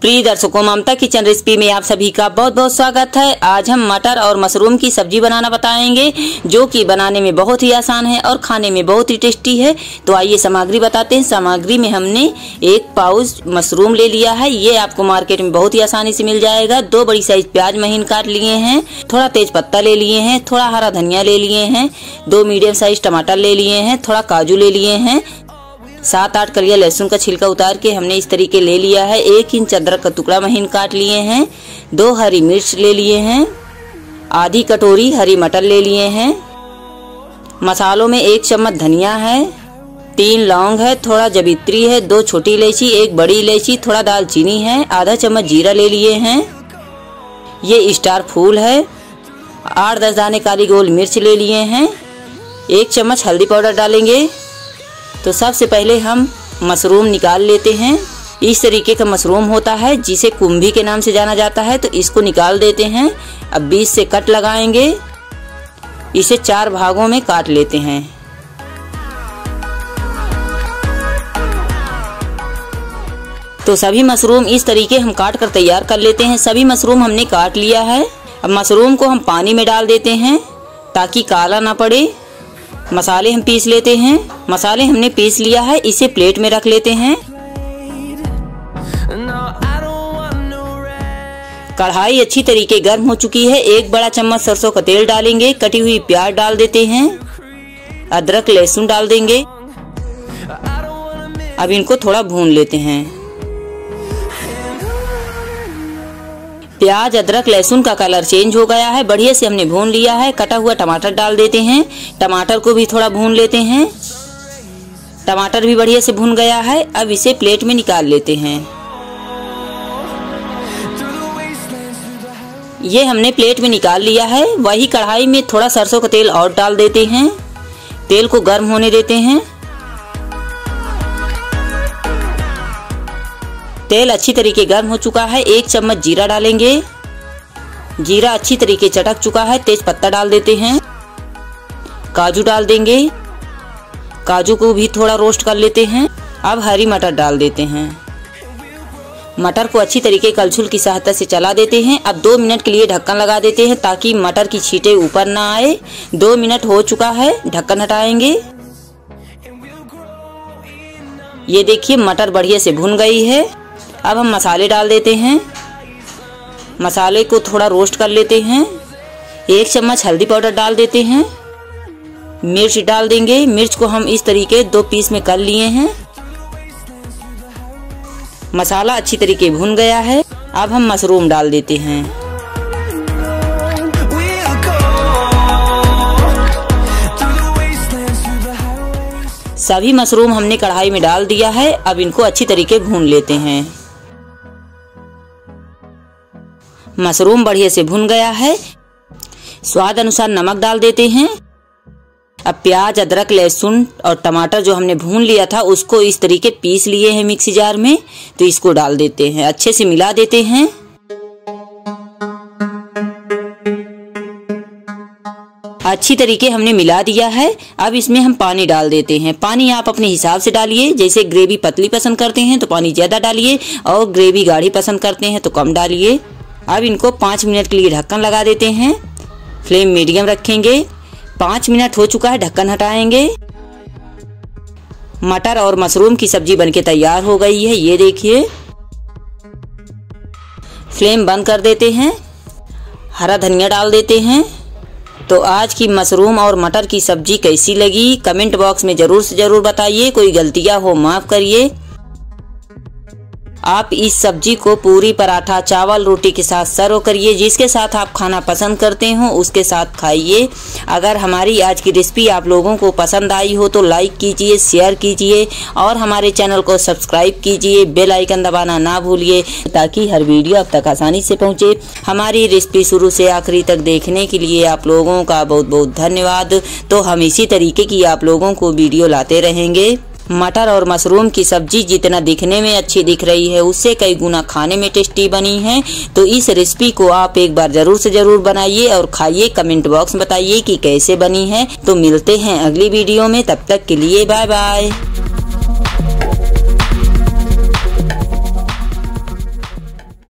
प्रिय दर्शकों Mamta kitchen recipe में आप सभी का बहुत बहुत स्वागत है आज हम मटर और मशरूम की सब्जी बनाना बताएंगे जो कि बनाने में बहुत ही आसान है और खाने में बहुत ही टेस्टी है तो आइए सामग्री बताते हैं सामग्री में हमने एक पाउच मशरूम ले लिया है ये आपको मार्केट में बहुत ही आसानी से मिल जाएगा दो बड़ी साइज प्याज महीन काट लिए हैं थोड़ा तेज पत्ता ले लिए हैं थोड़ा हरा धनिया ले लिए हैं दो मीडियम साइज टमाटर ले लिए हैं थोड़ा काजू ले लिए हैं सात आठ कलिया लहसुन का छिलका उतार के हमने इस तरीके ले लिया है एक इंच अदरक का टुकड़ा महीन काट लिए हैं दो हरी मिर्च ले लिए हैं आधी कटोरी हरी मटर ले लिए हैं मसालों में एक चम्मच धनिया है तीन लौंग है थोड़ा जबित्री है दो छोटी इलायची एक बड़ी इलायची थोड़ा दालचीनी है आधा चम्मच जीरा ले लिए हैं ये स्टार फूल है आठ दस दाने काली गोल मिर्च ले लिए हैं एक चम्मच हल्दी पाउडर डालेंगे तो सबसे पहले हम मशरूम निकाल लेते हैं इस तरीके का मशरूम होता है जिसे कुंभी के नाम से जाना जाता है तो इसको निकाल देते हैं अब बीज से कट लगाएंगे इसे चार भागों में काट लेते हैं तो सभी मशरूम इस तरीके हम काट कर तैयार कर लेते हैं सभी मशरूम हमने काट लिया है अब मशरूम को हम पानी में डाल देते हैं ताकि काला ना पड़े मसाले हम पीस लेते हैं मसाले हमने पीस लिया है इसे प्लेट में रख लेते हैं कढ़ाई अच्छी तरीके गर्म हो चुकी है एक बड़ा चम्मच सरसों का तेल डालेंगे कटी हुई प्याज डाल देते हैं अदरक लहसुन डाल देंगे अब इनको थोड़ा भून लेते हैं प्याज अदरक लहसुन का कलर चेंज हो गया है बढ़िया से हमने भून लिया है कटा हुआ टमाटर डाल देते हैं टमाटर को भी थोड़ा भून लेते हैं टमाटर भी बढ़िया से भून गया है अब इसे प्लेट में निकाल लेते हैं ये हमने प्लेट में निकाल लिया है वही कढ़ाई में थोड़ा सरसों का तेल और डाल देते हैं तेल को गर्म होने देते हैं तेल अच्छी तरीके गर्म हो चुका है एक चम्मच जीरा डालेंगे जीरा अच्छी तरीके चटक चुका है तेज पत्ता डाल देते हैं काजू डाल देंगे काजू को भी थोड़ा रोस्ट कर लेते हैं अब हरी मटर डाल देते हैं मटर को अच्छी तरीके कलछुल की सहायता से चला देते हैं अब दो मिनट के लिए ढक्कन लगा देते हैं ताकि मटर की छींटे ऊपर ना आए दो मिनट हो चुका है ढक्कन हटाएंगे ये देखिए मटर बढ़िया से भुन गई है अब हम मसाले डाल देते हैं मसाले को थोड़ा रोस्ट कर लेते हैं एक चम्मच हल्दी पाउडर डाल देते हैं मिर्च डाल देंगे मिर्च को हम इस तरीके दो पीस में कर लिए हैं मसाला अच्छी तरीके भुन गया है अब हम मशरूम डाल देते हैं सभी मशरूम हमने कढ़ाई में डाल दिया है अब इनको अच्छी तरीके भून लेते हैं मशरूम बढ़िया से भुन गया है स्वाद अनुसार नमक डाल देते हैं अब प्याज अदरक लहसुन और टमाटर जो हमने भून लिया था उसको इस तरीके पीस लिए हैं मिक्सी जार में तो इसको डाल देते हैं अच्छे से मिला देते हैं अच्छी तरीके हमने मिला दिया है अब इसमें हम पानी डाल देते हैं पानी आप अपने हिसाब से डालिए जैसे ग्रेवी पतली पसंद करते हैं तो पानी ज़्यादा डालिए और ग्रेवी गाढ़ी पसंद करते हैं तो कम डालिए अब इनको पाँच मिनट के लिए ढक्कन लगा देते हैं फ्लेम मीडियम रखेंगे पाँच मिनट हो चुका है ढक्कन हटाएंगे मटर और मशरूम की सब्जी बनके तैयार हो गई है ये देखिए फ्लेम बंद कर देते हैं हरा धनिया डाल देते हैं तो आज की मशरूम और मटर की सब्जी कैसी लगी कमेंट बॉक्स में ज़रूर से ज़रूर बताइए कोई गलतियाँ हो माफ़ करिए आप इस सब्जी को पूरी पराठा चावल रोटी के साथ सर्व करिए जिसके साथ आप खाना पसंद करते हो उसके साथ खाइए अगर हमारी आज की रेसिपी आप लोगों को पसंद आई हो तो लाइक कीजिए शेयर कीजिए और हमारे चैनल को सब्सक्राइब कीजिए बेल आइकन दबाना ना भूलिए ताकि हर वीडियो आप तक आसानी से पहुंचे हमारी रेसिपी शुरू से आखिरी तक देखने के लिए आप लोगों का बहुत बहुत धन्यवाद तो हम इसी तरीके की आप लोगों को वीडियो लाते रहेंगे मटर और मशरूम की सब्जी जितना दिखने में अच्छी दिख रही है उससे कई गुना खाने में टेस्टी बनी है तो इस रेसिपी को आप एक बार जरूर से जरूर बनाइए और खाइए कमेंट बॉक्स बताइए कि कैसे बनी है तो मिलते हैं अगली वीडियो में तब तक के लिए बाय बाय